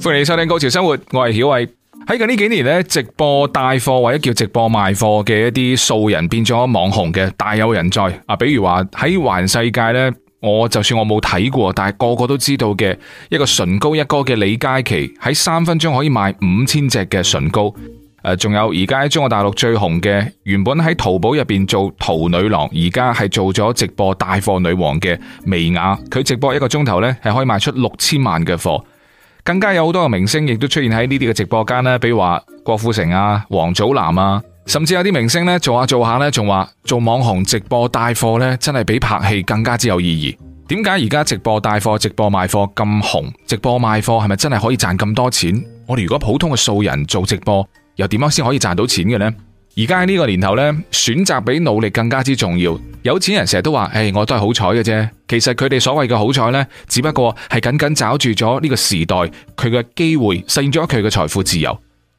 歡迎收聽《高潮生活》，我曉偉，我係曉偉。喺近呢幾年呢，直播帶貨或者叫直播賣貨嘅一啲素人變咗網紅嘅大有人在啊！比如話喺華人世界呢，我就算我冇睇過，但係個個都知道嘅一個唇膏一哥嘅李佳琦，喺三分鐘可以賣五千隻嘅唇膏。仲有而家喺中國大陸最紅嘅，原本喺淘寶入邊做淘女郎，而家係做咗直播帶貨女王嘅薇婭。佢直播一個鐘頭呢係可以賣出六千萬嘅貨。更加有好多嘅明星亦都出現喺呢啲嘅直播間呢，比如話郭富城啊、王祖藍啊，甚至有啲明星呢做下做下呢，仲話做網紅直播帶貨呢真係比拍戲更加之有意義。點解而家直播帶貨、直播賣貨咁紅？直播賣貨係咪真係可以賺咁多錢？我哋如果普通嘅素人做直播？又點樣先可以賺到錢嘅呢？而家喺呢個年頭呢，選擇比努力更加之重要。有錢人成日都話，誒，我都係好彩嘅啫。其實佢哋所謂嘅好彩呢，只不過係緊緊抓住咗呢個時代佢嘅機會，實現咗佢嘅財富自由。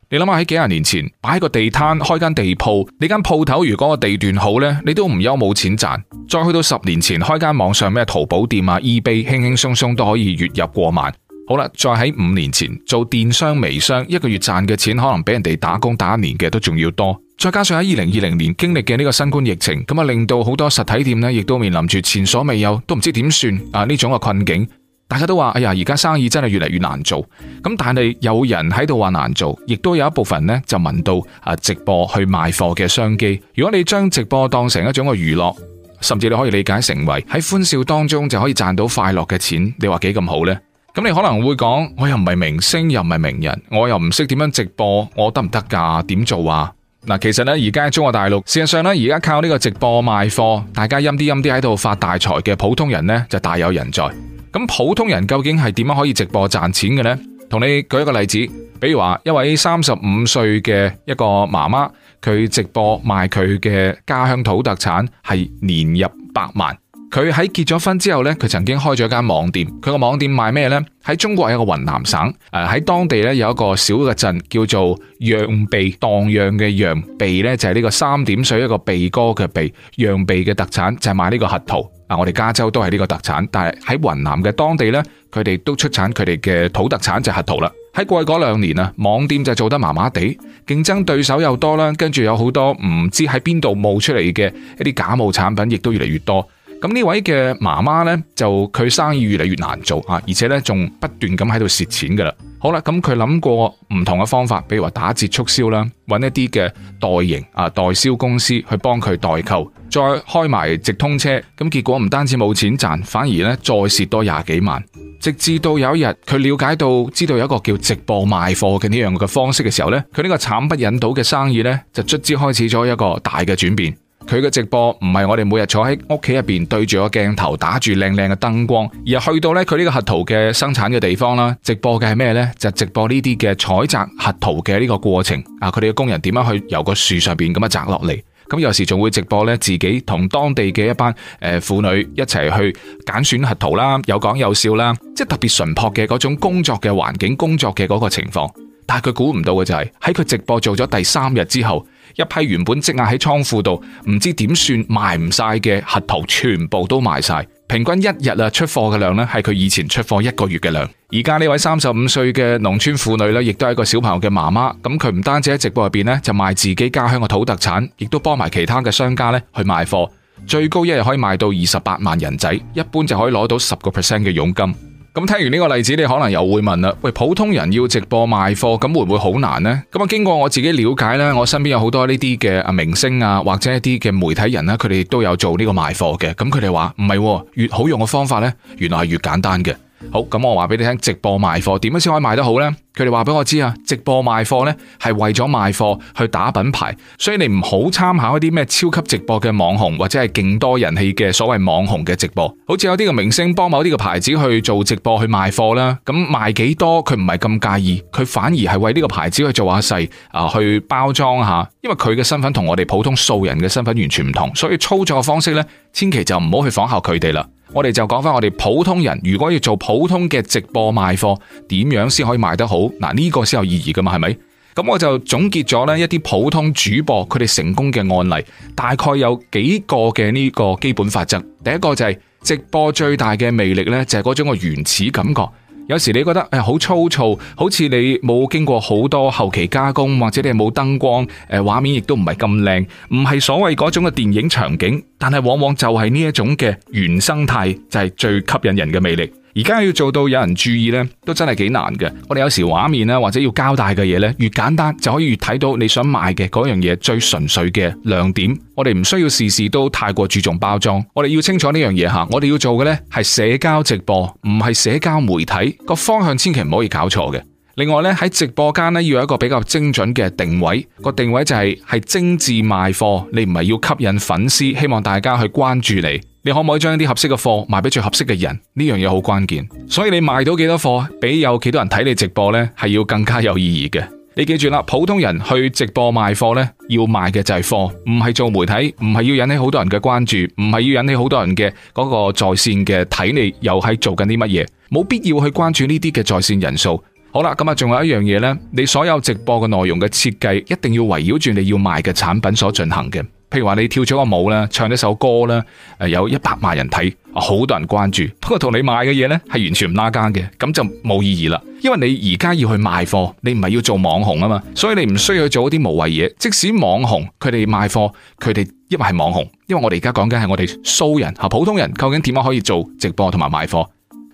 你諗下喺幾廿年前擺個地攤開間地鋪，你間鋪頭如果個地段好呢，你都唔憂冇錢賺。再去到十年前開間網上咩淘寶店啊、eBay，輕輕鬆鬆都可以月入過萬。好啦，再喺五年前做電商、微商，一個月賺嘅錢可能比人哋打工打一年嘅都仲要多。再加上喺二零二零年經歷嘅呢個新冠疫情，咁啊令到好多實體店咧，亦都面臨住前所未有，都唔知點算啊呢種嘅困境。大家都話哎呀，而家生意真係越嚟越難做。咁但係有人喺度話難做，亦都有一部分咧就聞到啊直播去賣貨嘅商機。如果你將直播當成一種嘅娛樂，甚至你可以理解成為喺歡笑當中就可以賺到快樂嘅錢，你話幾咁好咧？咁你可能會講，我又唔係明星，又唔係名人，我又唔識點樣直播，我得唔得㗎？點做啊？嗱，其實呢，而家喺中國大陸，事實上呢，而家靠呢個直播賣貨，大家陰啲陰啲喺度發大財嘅普通人呢，就大有人在。咁普通人究竟係點樣可以直播賺錢嘅呢？同你舉一個例子，比如話一位三十五歲嘅一個媽媽，佢直播賣佢嘅家鄉土特產，係年入百萬。佢喺結咗婚之後呢，佢曾經開咗一間網店。佢個網店賣咩呢？喺中國係一個雲南省，誒喺當地呢，有一個小嘅鎮叫做羊鼻，蕩漾嘅羊，羊鼻呢，就係呢個三點水一個鼻哥嘅鼻。羊鼻嘅特產就係賣呢個核桃。嗱，我哋加州都係呢個特產，但係喺雲南嘅當地呢，佢哋都出產佢哋嘅土特產就核桃啦。喺過去嗰兩年啊，網店就做得麻麻地，競爭對手又多啦，跟住有好多唔知喺邊度冒出嚟嘅一啲假冒產品，亦都越嚟越多。咁呢位嘅媽媽呢，就佢生意越嚟越難做啊，而且呢仲不斷咁喺度蝕錢噶啦。好啦，咁佢諗過唔同嘅方法，比如話打折促銷啦，揾一啲嘅代營啊、代銷公司去幫佢代購，再開埋直通車。咁結果唔單止冇錢賺，反而呢再蝕多廿幾萬。直至到有一日，佢了解到知道有一個叫直播賣貨嘅呢樣嘅方式嘅時候呢，佢呢個慘不忍睹嘅生意呢，就卒之開始咗一個大嘅轉變。佢嘅直播唔係我哋每日坐喺屋企入邊對住個鏡頭打住靚靚嘅燈光，而去到呢佢呢個核桃嘅生產嘅地方啦。直播嘅係咩呢？就係直播呢啲嘅採摘核桃嘅呢個過程啊！佢哋嘅工人點樣去由個樹上邊咁樣摘落嚟？咁有時仲會直播呢，自己同當地嘅一班誒婦女一齊去揀選核桃啦，有講有笑啦，即係特別純樸嘅嗰種工作嘅環境、工作嘅嗰個情況。但係佢估唔到嘅就係喺佢直播做咗第三日之後。一批原本積壓喺倉庫度，唔知點算賣唔晒嘅核桃，全部都賣晒。平均一日啊出貨嘅量咧，係佢以前出貨一個月嘅量。而家呢位三十五歲嘅農村婦女呢，亦都係個小朋友嘅媽媽。咁佢唔單止喺直播入邊呢，就賣自己家鄉嘅土特產，亦都幫埋其他嘅商家呢去賣貨。最高一日可以賣到二十八萬人仔，一般就可以攞到十個 percent 嘅佣金。咁聽完呢個例子，你可能又會問啦，喂，普通人要直播賣貨，咁會唔會好難呢？咁啊，經過我自己了解呢，我身邊有好多呢啲嘅明星啊，或者一啲嘅媒體人啦，佢哋都有做呢個賣貨嘅。咁佢哋話唔係，越好用嘅方法呢，原來係越簡單嘅。好，咁我話俾你聽，直播賣貨點樣先可以賣得好呢？佢哋話俾我知啊，直播賣貨呢係為咗賣貨去打品牌，所以你唔好參考一啲咩超級直播嘅網紅或者係勁多人氣嘅所謂網紅嘅直播，好似有啲嘅明星幫某啲嘅牌子去做直播去賣貨啦。咁賣幾多佢唔係咁介意，佢反而係為呢個牌子去做下勢啊，去包裝下，因為佢嘅身份同我哋普通素人嘅身份完全唔同，所以操作嘅方式呢，千祈就唔好去仿效佢哋啦。我哋就講翻我哋普通人，如果要做普通嘅直播賣貨，點樣先可以賣得好？嗱，呢個先有意義噶嘛，係咪？咁我就總結咗咧一啲普通主播佢哋成功嘅案例，大概有幾個嘅呢個基本法則。第一個就係直播最大嘅魅力咧，就係嗰種個原始感覺。有時你覺得誒好粗糙，好似你冇經過好多後期加工，或者你冇燈光，誒畫面亦都唔係咁靚，唔係所謂嗰種嘅電影場景，但係往往就係呢一種嘅原生態就係最吸引人嘅魅力。而家要做到有人注意呢，都真係幾難嘅。我哋有時畫面呢，或者要交代嘅嘢呢，越簡單就可以越睇到你想賣嘅嗰樣嘢最純粹嘅亮點。我哋唔需要事事都太過注重包裝。我哋要清楚呢樣嘢吓，我哋要做嘅呢，係社交直播，唔係社交媒體個方向，千祈唔可以搞錯嘅。另外呢，喺直播間呢，要有一個比較精準嘅定位，個定位就係、是、係精致賣貨，你唔係要吸引粉絲，希望大家去關注你。你可唔可以將一啲合適嘅貨賣俾最合適嘅人？呢樣嘢好關鍵，所以你賣到幾多貨，比有幾多人睇你直播呢，係要更加有意義嘅。你記住啦，普通人去直播賣貨呢，要賣嘅就係貨，唔係做媒體，唔係要引起好多人嘅關注，唔係要引起好多人嘅嗰個在線嘅睇你又喺做緊啲乜嘢，冇必要去關注呢啲嘅在線人數。好啦，咁啊，仲有一樣嘢呢，你所有直播嘅內容嘅設計，一定要圍繞住你要賣嘅產品所進行嘅。譬如話你跳咗個舞啦，唱咗首歌啦，誒，有一百萬人睇，啊，好多人關注，不過同你賣嘅嘢呢係完全唔拉更嘅，咁就冇意義啦。因為你而家要去賣貨，你唔係要做網紅啊嘛，所以你唔需要做一啲無謂嘢。即使網紅佢哋賣貨，佢哋因為係網紅，因為我哋而家講緊係我哋素人吓，普通人究竟點樣可以做直播同埋賣貨？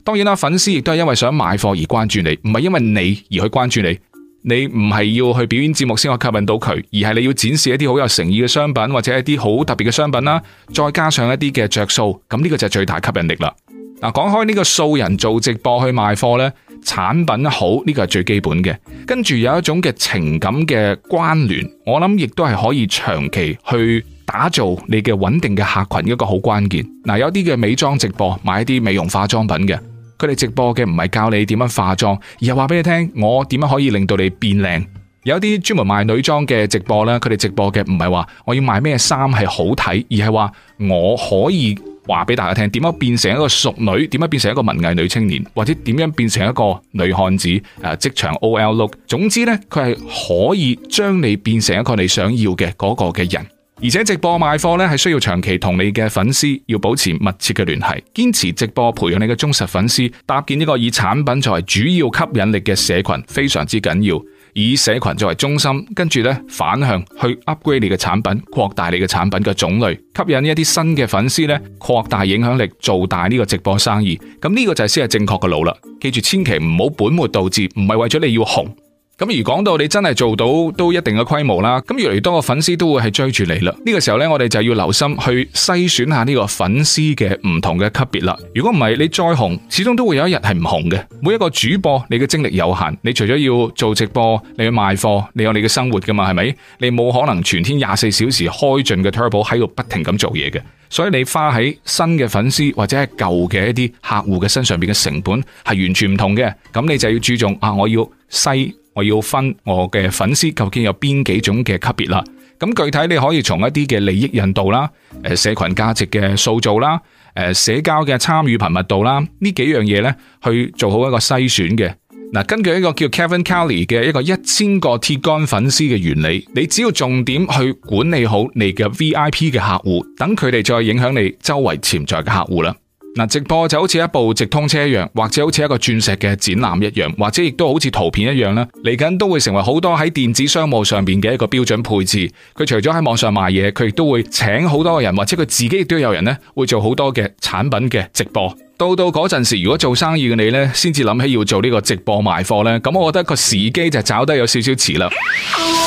當然啦，粉絲亦都係因為想賣貨而關注你，唔係因為你而去關注你。你唔係要去表演節目先可吸引到佢，而係你要展示一啲好有誠意嘅商品，或者一啲好特別嘅商品啦，再加上一啲嘅着數，咁呢個就係最大吸引力啦。嗱，講開呢個素人做直播去賣貨呢，產品好呢個係最基本嘅，跟住有一種嘅情感嘅關聯，我諗亦都係可以長期去打造你嘅穩定嘅客群一個好關鍵。嗱，有啲嘅美妝直播買一啲美容化妝品嘅。佢哋直播嘅唔係教你點樣化妝，而係話俾你聽，我點樣可以令到你變靚。有啲專門賣女裝嘅直播呢，佢哋直播嘅唔係話我要賣咩衫係好睇，而係話我可以話俾大家聽，點樣變成一個淑女，點樣變成一個文藝女青年，或者點樣變成一個女漢子誒，職場 OL look。總之呢，佢係可以將你變成一個你想要嘅嗰個嘅人。而且直播賣貨咧係需要長期同你嘅粉絲要保持密切嘅聯繫，堅持直播培養你嘅忠實粉絲，搭建一個以產品作為主要吸引力嘅社群非常之緊要。以社群作為中心，跟住呢反向去 upgrade 你嘅產品，擴大你嘅產品嘅種類，吸引一啲新嘅粉絲呢擴大影響力，做大呢個直播生意。咁呢個就係先係正確嘅路啦。記住，千祈唔好本末倒置，唔係為咗你要紅。咁而講到你真係做到都一定嘅規模啦，咁越嚟越多個粉絲都會係追住你啦。呢個時候呢，我哋就要留心去篩選下呢個粉絲嘅唔同嘅級別啦。如果唔係，你再紅，始終都會有一日係唔紅嘅。每一個主播，你嘅精力有限，你除咗要做直播，你去賣貨，你有你嘅生活噶嘛，係咪？你冇可能全天廿四小時開盡嘅 turbo 喺度不停咁做嘢嘅。所以你花喺新嘅粉絲或者係舊嘅一啲客戶嘅身上邊嘅成本係完全唔同嘅。咁你就要注重啊，我要細。我要分我嘅粉絲究竟有邊幾種嘅級別啦？咁具體你可以從一啲嘅利益引導啦，誒社群價值嘅塑造啦，誒社交嘅參與頻密度啦，呢幾樣嘢呢去做好一個篩選嘅。嗱，根據一個叫 Kevin Kelly 嘅一個一千個鐵桿粉絲嘅原理，你只要重點去管理好你嘅 VIP 嘅客戶，等佢哋再影響你周圍潛在嘅客戶啦。嗱，直播就好似一部直通車一樣，或者好似一個鑽石嘅展覽一樣，或者亦都好似圖片一樣啦。嚟緊都會成為好多喺電子商務上邊嘅一個標準配置。佢除咗喺網上賣嘢，佢亦都會請好多嘅人，或者佢自己亦都有人呢，會做好多嘅產品嘅直播。到到嗰陣時，如果做生意嘅你呢，先至諗起要做呢個直播賣貨呢，咁我覺得個時機就找得有少少遲啦。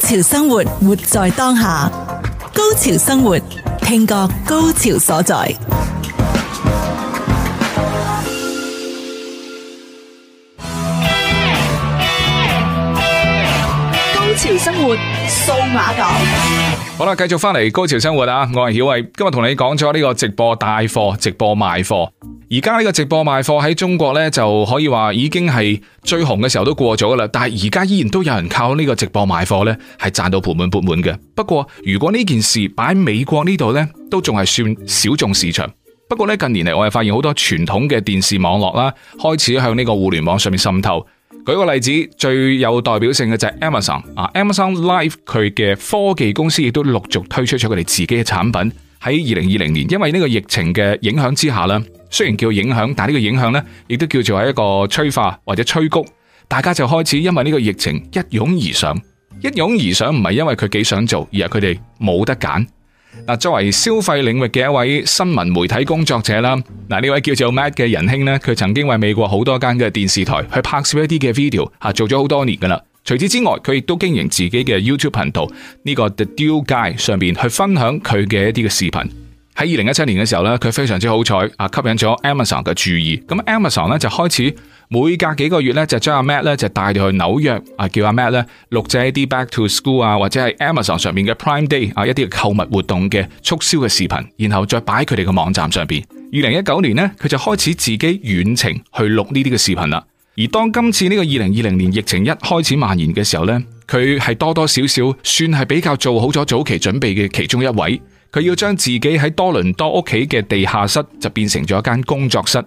高潮生活，活在當下。高潮生活，聽覺高潮所在。潮生活數碼港，好啦，繼續翻嚟《高潮生活》啊！我係曉慧，今日同你講咗呢個直播帶貨、直播賣貨。而家呢個直播賣貨喺中國呢，就可以話已經係最紅嘅時候都過咗噶啦。但係而家依然都有人靠呢個直播賣貨呢，係賺到盆滿缽滿嘅。不過如果呢件事擺喺美國呢度呢，都仲係算小眾市場。不過呢，近年嚟，我哋發現好多傳統嘅電視網絡啦，開始向呢個互聯網上面滲透。舉個例子，最有代表性嘅就係 Am Amazon 啊，Amazon Life 佢嘅科技公司，亦都陸續推出咗佢哋自己嘅產品。喺二零二零年，因為呢個疫情嘅影響之下啦，雖然叫影響，但呢個影響呢亦都叫做係一個催化或者催谷，大家就開始因為呢個疫情一擁而上。一擁而上唔係因為佢幾想做，而係佢哋冇得揀。作為消費領域嘅一位新聞媒體工作者啦，嗱呢位叫做 Matt 嘅仁兄咧，佢曾經為美國好多間嘅電視台去拍攝一啲嘅 video 啊，做咗好多年噶啦。除此之外，佢亦都經營自己嘅 YouTube 頻道呢個 The Deal Guy 上邊去分享佢嘅一啲嘅視頻。喺二零一七年嘅時候咧，佢非常之好彩啊，吸引咗 Amazon 嘅注意。咁 Amazon 咧就開始每隔幾個月咧，就將阿 Matt 咧就帶到去紐約啊，叫阿 Matt 咧錄製一啲 Back to School 啊，或者係 Amazon 上面嘅 Prime Day 啊一啲購物活動嘅促銷嘅視頻，然後再擺佢哋嘅網站上邊。二零一九年呢，佢就開始自己遠程去錄呢啲嘅視頻啦。而當今次呢個二零二零年疫情一開始蔓延嘅時候呢，佢係多多少少算係比較做好咗早期準備嘅其中一位。佢要將自己喺多倫多屋企嘅地下室就變成咗一間工作室。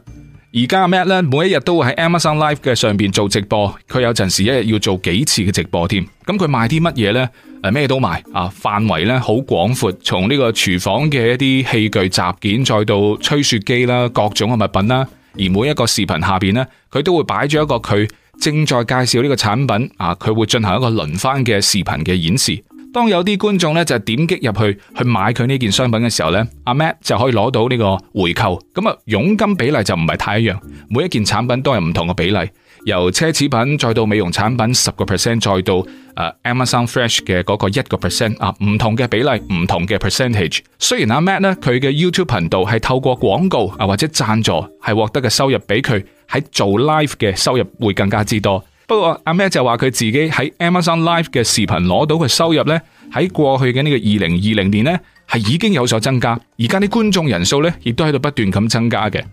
而家阿 Matt 咧每一日都會喺 Amazon Live 嘅上邊做直播，佢有陣時一日要做幾次嘅直播添。咁佢賣啲乜嘢呢？誒、啊，咩都賣啊，範圍咧好廣闊，從呢個廚房嘅一啲器具雜件，再到吹雪機啦，各種嘅物品啦。而每一個視頻下邊呢，佢都會擺咗一個佢正在介紹呢個產品啊，佢會進行一個輪番嘅視頻嘅演示。當有啲觀眾咧就點擊入去去買佢呢件商品嘅時候咧，阿 Matt 就可以攞到呢個回扣。咁啊，佣金比例就唔係太一樣，每一件產品都係唔同嘅比例。由奢侈品再到美容產品十個 percent，再到誒 Amazon Fresh 嘅嗰個一個 percent 啊，唔同嘅比例，唔同嘅 percentage。雖然阿 Matt 咧佢嘅 YouTube 頻道係透過廣告啊或者贊助係獲得嘅收入比，比佢喺做 live 嘅收入會更加之多。不過阿 Matt 就話佢自己喺 Amazon Live 嘅視頻攞到嘅收入呢，喺過去嘅呢個二零二零年呢，係已經有所增加，而家啲觀眾人數呢，亦都喺度不斷咁增加嘅。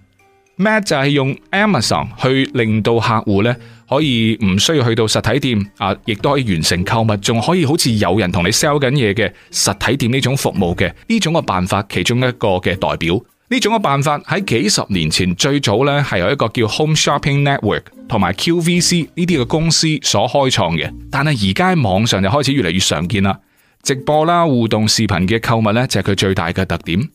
Matt 就係用 Amazon 去令到客戶呢，可以唔需要去到實體店啊，亦都可以完成購物，仲可以好似有人同你 sell 緊嘢嘅實體店呢種服務嘅呢種個辦法，其中一個嘅代表。呢種嘅辦法喺幾十年前最早咧，係由一個叫 Home Shopping Network 同埋 QVC 呢啲嘅公司所開創嘅。但係而家喺網上就開始越嚟越常見啦，直播啦、互動視頻嘅購物咧，就係佢最大嘅特點。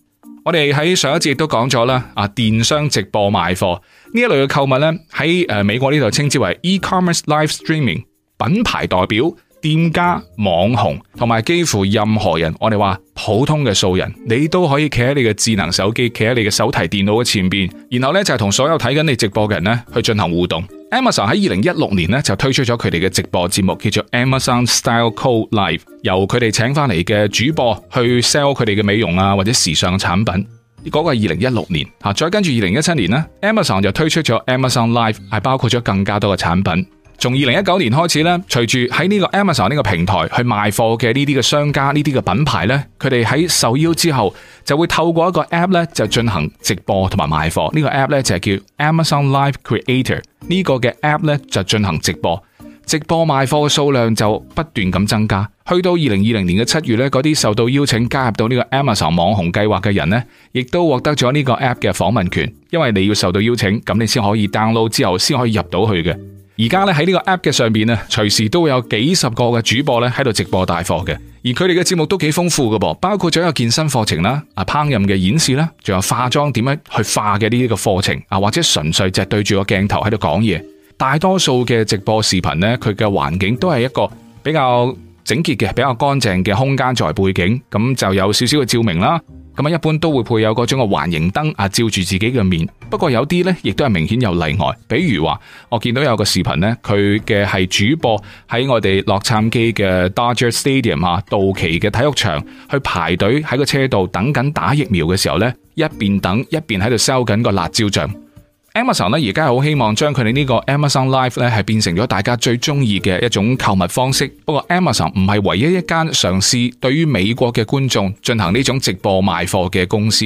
我哋喺上一節亦都講咗啦，啊電商直播賣貨呢一類嘅購物咧喺誒，美國呢度稱之為 E-commerce Live Streaming 品牌代表。店家、網紅同埋幾乎任何人，我哋話普通嘅素人，你都可以企喺你嘅智能手機、企喺你嘅手提電腦嘅前邊，然後呢就係同所有睇緊你直播嘅人呢去進行互動。Amazon 喺二零一六年呢就推出咗佢哋嘅直播節目，叫做 Amazon Style Code Live，由佢哋請翻嚟嘅主播去 sell 佢哋嘅美容啊或者時尚產品。嗰個係二零一六年嚇，再跟住二零一七年呢，Amazon 就推出咗 Amazon Live，係包括咗更加多嘅產品。從二零一九年開始咧，隨住喺呢個 Amazon 呢個平台去賣貨嘅呢啲嘅商家呢啲嘅品牌咧，佢哋喺受邀之後就會透過一個 App 呢，就進行直播同埋賣貨。呢個 App 呢，就係叫 Amazon Live Creator。呢個嘅 App 呢，就進行直播，直播賣貨嘅數量就不斷咁增加。去到二零二零年嘅七月咧，嗰啲受到邀請加入到呢個 Amazon 網紅計劃嘅人呢，亦都獲得咗呢個 App 嘅訪問權。因為你要受到邀請，咁你先可以 download 之後先可以入到去嘅。而家咧喺呢個 app 嘅上邊啊，隨時都會有幾十個嘅主播咧喺度直播帶貨嘅，而佢哋嘅節目都幾豐富噶噃，包括咗有健身課程啦、啊烹飪嘅演示啦，仲有化妝點樣去化嘅呢個課程啊，或者純粹就係對住個鏡頭喺度講嘢。大多數嘅直播視頻呢，佢嘅環境都係一個比較整潔嘅、比較乾淨嘅空間作為背景，咁就有少少嘅照明啦。咁啊，一般都會配有嗰種嘅環形燈啊，照住自己嘅面。不過有啲咧，亦都係明顯有例外。比如話，我見到有個視頻咧，佢嘅係主播喺我哋洛杉磯嘅 Dodger Stadium 啊，道奇嘅體育場去排隊喺個車度等緊打疫苗嘅時候咧，一邊等一邊喺度收緊個辣椒醬。Amazon 咧而家好希望將佢哋呢個 Amazon Live 咧係變成咗大家最中意嘅一種購物方式。不過 Amazon 唔係唯一一間嘗試對於美國嘅觀眾進行呢種直播賣貨嘅公司。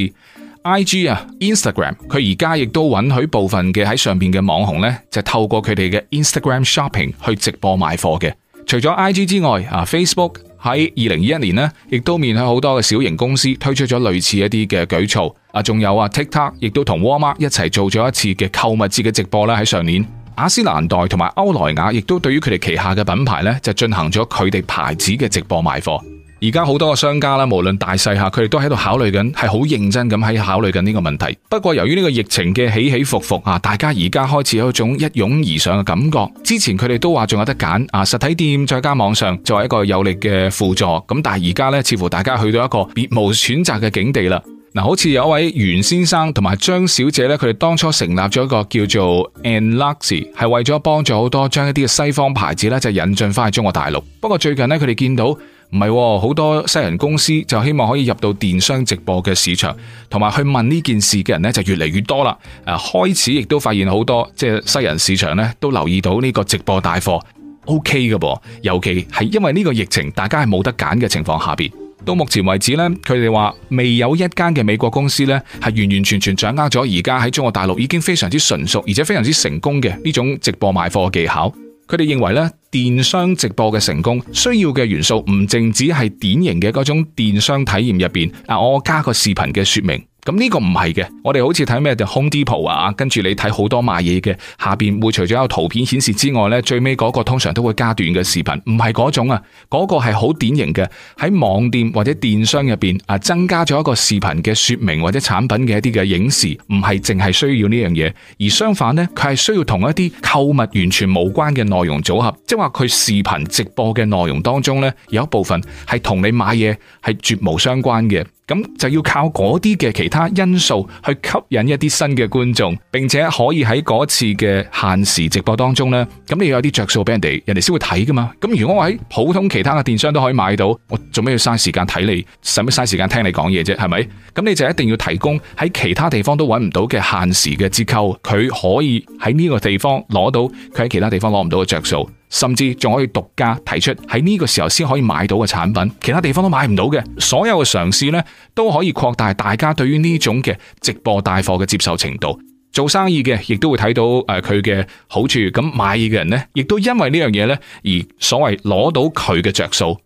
IG 啊，Instagram 佢而家亦都允許部分嘅喺上邊嘅網紅咧就透過佢哋嘅 Instagram Shopping 去直播賣貨嘅。除咗 IG 之外，啊 Facebook。喺二零二一年呢，亦都面向好多嘅小型公司推出咗類似一啲嘅舉措啊，仲有啊 TikTok 亦都同 Walmart 一齊做咗一次嘅購物節嘅直播啦。喺上年，斯蘭代雅詩蘭黛同埋歐萊雅亦都對於佢哋旗下嘅品牌呢，就進行咗佢哋牌子嘅直播賣貨。而家好多嘅商家啦，無論大細客，佢哋都喺度考慮緊，係好認真咁喺考慮緊呢個問題。不過由於呢個疫情嘅起起伏伏啊，大家而家開始有一種一擁而上嘅感覺。之前佢哋都話仲有得揀啊，實體店再加網上，作為一個有力嘅輔助。咁但係而家呢，似乎大家去到一個別無選擇嘅境地啦。嗱，好似有一位袁先生同埋張小姐呢，佢哋當初成立咗一個叫做 Anluxy，係為咗幫助好多將一啲嘅西方牌子呢就引進翻去中國大陸。不過最近呢，佢哋見到。唔係，好多西人公司就希望可以入到電商直播嘅市場，同埋去問呢件事嘅人呢就越嚟越多啦。誒，開始亦都發現好多即係西人市場呢都留意到呢個直播帶貨 OK 嘅噃，尤其係因為呢個疫情，大家係冇得揀嘅情況下邊。到目前為止呢，佢哋話未有一間嘅美國公司呢係完完全全掌握咗而家喺中國大陸已經非常之純熟，而且非常之成功嘅呢種直播賣貨技巧。佢哋認為呢。電商直播嘅成功需要嘅元素，唔淨止係典型嘅嗰種電商體驗入面。我加個視頻嘅說明。咁呢個唔係嘅，我哋好似睇咩就 Home Depot 啊，跟住你睇好多賣嘢嘅下邊會除咗有圖片顯示之外呢，最尾嗰個通常都會加段嘅視頻，唔係嗰種啊，嗰、嗰個係好典型嘅喺網店或者電商入邊啊，增加咗一個視頻嘅說明或者產品嘅一啲嘅影視，唔係淨係需要呢樣嘢，而相反呢，佢係需要同一啲購物完全無關嘅內容組合，即係話佢視頻直播嘅內容當中呢，有一部分係同你買嘢係絕無相關嘅。咁就要靠嗰啲嘅其他因素去吸引一啲新嘅觀眾，並且可以喺嗰次嘅限時直播當中咧，咁你要有啲着數俾人哋，人哋先會睇噶嘛。咁如果我喺普通其他嘅電商都可以買到，我做咩要嘥時間睇你，使乜嘥時間聽你講嘢啫？係咪？咁你就一定要提供喺其他地方都揾唔到嘅限時嘅折扣，佢可以喺呢個地方攞到，佢喺其他地方攞唔到嘅着數。甚至仲可以獨家提出喺呢個時候先可以買到嘅產品，其他地方都買唔到嘅。所有嘅嘗試呢都可以擴大大家對於呢種嘅直播帶貨嘅接受程度。做生意嘅亦都會睇到誒佢嘅好處。咁買嘢嘅人呢，亦都因為呢樣嘢呢而所謂攞到佢嘅着數。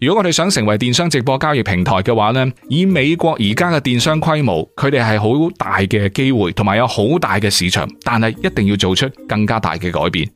如果我哋想成為電商直播交易平台嘅話呢，以美國而家嘅電商規模，佢哋係好大嘅機會，同埋有好大嘅市場，但係一定要做出更加大嘅改變。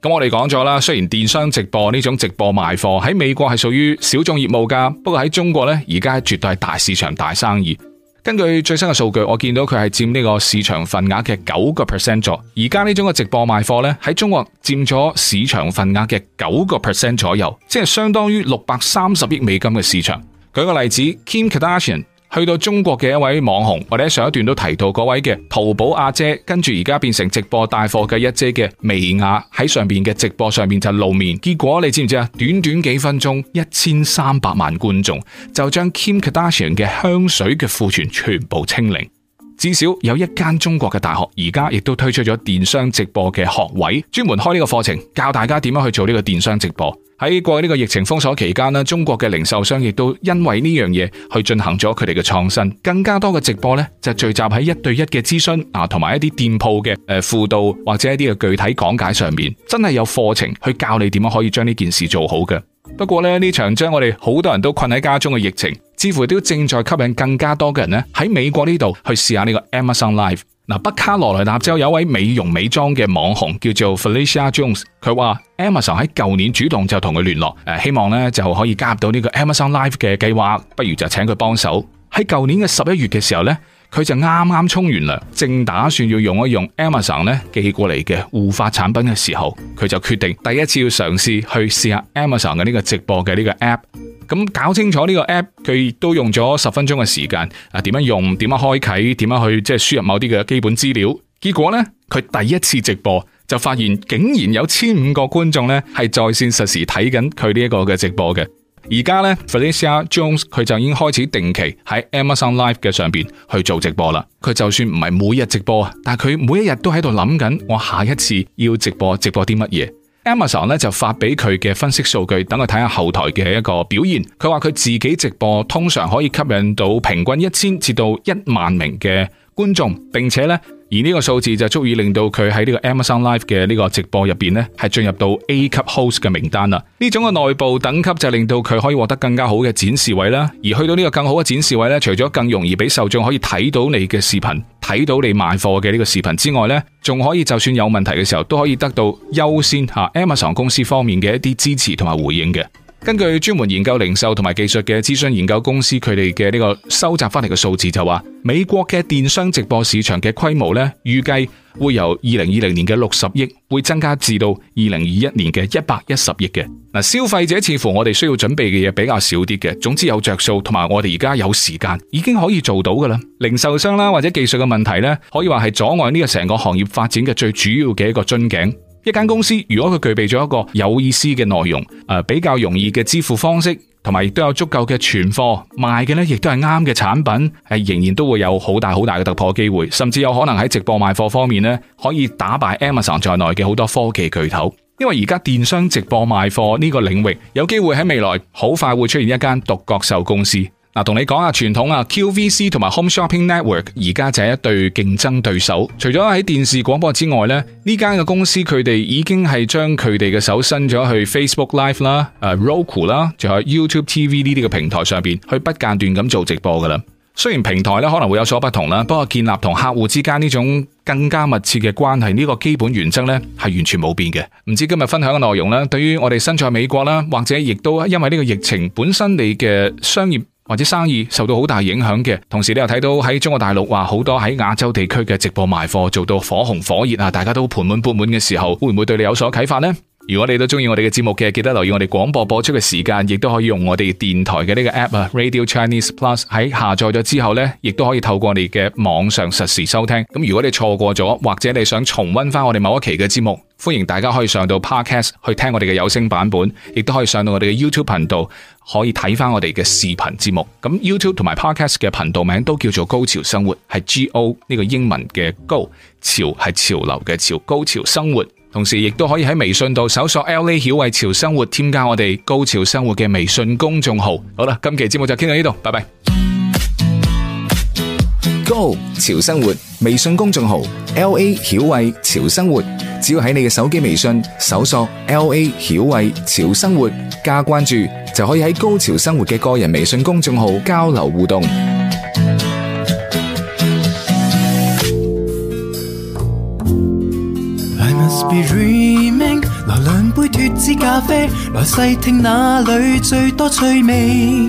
咁我哋講咗啦，雖然電商直播呢種直播賣貨喺美國係屬於小眾業務噶，不過喺中國咧，而家絕對係大市場大生意。根據最新嘅數據，我見到佢係佔呢個市場份額嘅九個 percent 咗，而家呢種嘅直播賣貨咧喺中國佔咗市場份額嘅九個 percent 左右，即係相當於六百三十億美金嘅市場。舉個例子，Kim Kardashian。去到中國嘅一位網紅，我哋喺上一段都提到嗰位嘅淘寶阿姐，跟住而家變成直播帶貨嘅一姐嘅薇婭喺上面嘅直播上面就露面，結果你知唔知啊？短短幾分鐘，一千三百萬觀眾就將 Kim Kardashian 嘅香水嘅庫存全部清零。至少有一間中國嘅大學，而家亦都推出咗電商直播嘅學位，專門開呢個課程教大家點樣去做呢個電商直播。喺過去呢個疫情封鎖期間咧，中國嘅零售商亦都因為呢樣嘢去進行咗佢哋嘅創新，更加多嘅直播呢，就聚集喺一對一嘅諮詢啊，同埋一啲店鋪嘅誒輔導或者一啲嘅具體講解上面，真係有課程去教你點樣可以將呢件事做好嘅。不過咧呢場將我哋好多人都困喺家中嘅疫情。似乎都正在吸引更加多嘅人呢，喺美國呢度去試下呢個 Amazon Live。嗱，北卡羅來納州有一位美容美妝嘅網紅叫做 Felicia Jones，佢話 Amazon 喺舊年主動就同佢聯絡，誒，希望呢就可以加入到呢個 Amazon Live 嘅計劃，不如就請佢幫手。喺舊年嘅十一月嘅時候呢，佢就啱啱沖完涼，正打算要用一用 Amazon 呢寄過嚟嘅護髮產品嘅時候，佢就決定第一次要嘗試去試下 Amazon 嘅呢個直播嘅呢個 App。咁搞清楚呢個 app，佢都用咗十分鐘嘅時間啊，點樣用，點樣開啟，點樣去即係輸入某啲嘅基本資料。結果呢，佢第一次直播就發現，竟然有千五個觀眾呢係在線實時睇緊佢呢一個嘅直播嘅。而家呢，Felicia Jones 佢就已經開始定期喺 Amazon Live 嘅上邊去做直播啦。佢就算唔係每日直播啊，但係佢每一日都喺度諗緊，我下一次要直播直播啲乜嘢。Amazon 咧，就發俾佢嘅分析數據，等佢睇下後台嘅一個表現。佢話佢自己直播通常可以吸引到平均一千至到一萬名嘅觀眾，並且咧，而呢個數字就足以令到佢喺呢個 Amazon Live 嘅呢個直播入邊咧，係進入到 A 級 host 嘅名單啦。呢種嘅內部等級就令到佢可以獲得更加好嘅展示位啦。而去到呢個更好嘅展示位咧，除咗更容易俾受眾可以睇到你嘅視頻。睇到你賣貨嘅呢個視頻之外，呢仲可以，就算有問題嘅時候，都可以得到優先嚇 Amazon 公司方面嘅一啲支持同埋回應嘅。根據專門研究零售同埋技術嘅諮詢研究公司，佢哋嘅呢個收集翻嚟嘅數字就話，美國嘅電商直播市場嘅規模呢，預計會由二零二零年嘅六十億，會增加至到二零二一年嘅一百一十億嘅。消費者似乎我哋需要準備嘅嘢比較少啲嘅，總之有着數，同埋我哋而家有時間，已經可以做到㗎喇。零售商啦，或者技術嘅問題呢，可以話係阻礙呢個成個行業發展嘅最主要嘅一個樽頸。一間公司，如果佢具備咗一個有意思嘅內容，誒、呃，比較容易嘅支付方式，同埋亦都有足夠嘅存貨賣嘅呢，亦都係啱嘅產品，係、啊、仍然都會有好大好大嘅突破機會，甚至有可能喺直播賣貨方面呢，可以打敗 Amazon 在內嘅好多科技巨頭。因為而家電商直播賣貨呢個領域，有機會喺未來好快會出現一間獨角獸公司。嗱，同你講下傳統啊，QVC 同埋 Home Shopping Network 而家就係一對競爭對手。除咗喺電視廣播之外呢，呢間嘅公司佢哋已經係將佢哋嘅手伸咗去 Facebook Live 啦、誒 Roku 啦，仲有 YouTube TV 呢啲嘅平台上邊去不間斷咁做直播噶啦。雖然平台咧可能會有所不同啦，不過建立同客戶之間呢種更加密切嘅關係呢，呢個基本原則咧係完全冇變嘅。唔知今日分享嘅內容咧，對於我哋身在美國啦，或者亦都因為呢個疫情本身你嘅商業。或者生意受到好大影響嘅，同時你又睇到喺中國大陸話好多喺亞洲地區嘅直播賣貨做到火紅火熱啊！大家都盤滿缽滿嘅時候，會唔會對你有所啟發呢？如果你都中意我哋嘅節目嘅，記得留意我哋廣播播出嘅時間，亦都可以用我哋電台嘅呢個 app 啊，Radio Chinese Plus 喺下載咗之後呢，亦都可以透過我哋嘅網上實時收聽。咁如果你錯過咗，或者你想重温翻我哋某一期嘅節目。歡迎大家可以上到 Podcast 去聽我哋嘅有聲版本，亦都可以上到我哋嘅 YouTube 頻道，可以睇翻我哋嘅視頻節目。咁 YouTube 同埋 Podcast 嘅頻道名都叫做《高潮生活》，係 G O 呢個英文嘅高潮係潮流嘅潮，高潮生活。同時亦都可以喺微信度搜索 L A 曉慧潮生活，添加我哋《高潮生活》嘅微信公眾號。好啦，今期節目就傾到呢度，拜拜。Go 潮生活微信公眾號 L A 曉慧潮生活，只要喺你嘅手機微信搜索 L A 曉慧潮生活加關注，就可以喺高潮生活嘅個人微信公眾號交流互動。來兩杯脫脂咖啡，來細聽那裡最多趣味。